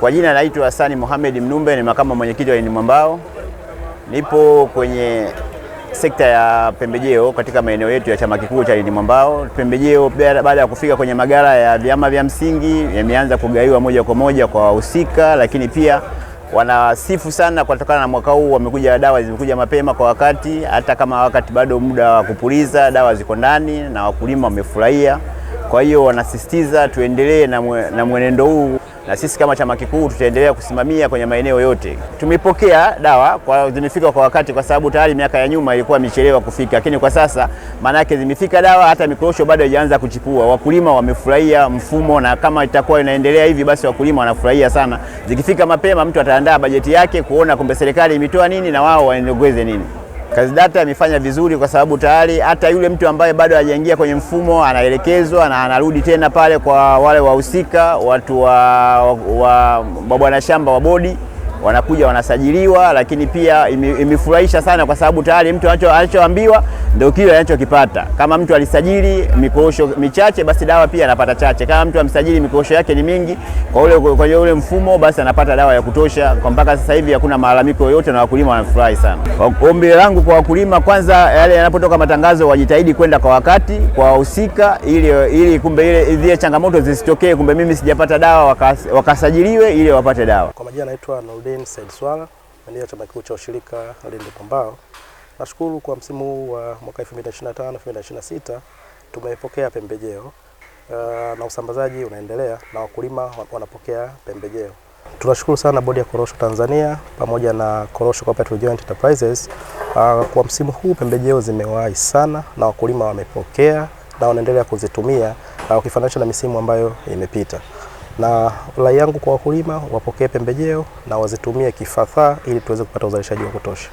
Kwa jina naitwa Hasani Mohamed Mnumbe, ni makamu mwenyekiti wa Ini Mwambao. Nipo kwenye sekta ya pembejeo katika maeneo yetu ya chama kikuu cha Ini Mwambao. Pembejeo baada ya kufika kwenye magara ya vyama vya msingi yameanza kugaiwa moja kwa moja kwa wahusika, lakini pia wanasifu sana kutokana na mwaka huu wamekuja, dawa zimekuja mapema kwa wakati, hata kama wakati bado muda wa kupuliza dawa ziko ndani na wakulima wamefurahia. Kwa hiyo wanasisitiza tuendelee na mwenendo huu na sisi kama chama kikuu tutaendelea kusimamia kwenye maeneo yote. Tumepokea dawa kwa zimefika kwa wakati, kwa sababu tayari miaka ya nyuma ilikuwa imechelewa kufika, lakini kwa sasa maanake zimefika dawa, hata mikorosho bado haijaanza kuchipua. Wakulima wamefurahia mfumo, na kama itakuwa inaendelea hivi, basi wakulima wanafurahia sana. Zikifika mapema, mtu ataandaa bajeti yake kuona kumbe serikali imetoa nini na wao waongeze nini data amefanya vizuri kwa sababu tayari hata yule mtu ambaye bado hajaingia kwenye mfumo anaelekezwa na anarudi tena pale kwa wale wahusika, watu wa bwana shamba wa bodi wanakuja wanasajiliwa. Lakini pia imefurahisha sana kwa sababu tayari mtu anachoambiwa ndio kile anachokipata. Kama mtu alisajili mikosho michache, basi dawa pia anapata chache. Kama mtu amsajili mikosho yake ni mingi kwa ule, kwa ule mfumo, basi anapata dawa ya kutosha. Kwa mpaka sasa hivi hakuna malalamiko yoyote, na wakulima wanafurahi sana. Ombi langu kwa wakulima, kwanza, yale yanapotoka matangazo wajitahidi kwenda kwa wakati kwa wahusika, ili, ili kumbe ile zile changamoto zisitokee, kumbe mimi sijapata dawa, wakas, wakasajiliwe ili wapate dawa. Kwa majina naitwa Nurdin Said Swala, ndio chama kikuu cha ushirika Lindi Pambao. Nashukuru kwa msimu huu wa mwaka 2025 2026 tumepokea pembejeo eh, na usambazaji unaendelea na wakulima wanapokea pembejeo. Tunashukuru sana Bodi ya Korosho Tanzania pamoja na Korosho Cooperative Joint Enterprises. Eh, kwa msimu huu pembejeo zimewahi sana na wakulima wamepokea na wanaendelea kuzitumia eh, ukifananisha na misimu ambayo imepita, na rai yangu kwa wakulima wapokee pembejeo na wazitumie kifadhaa ili tuweze kupata uzalishaji wa kutosha.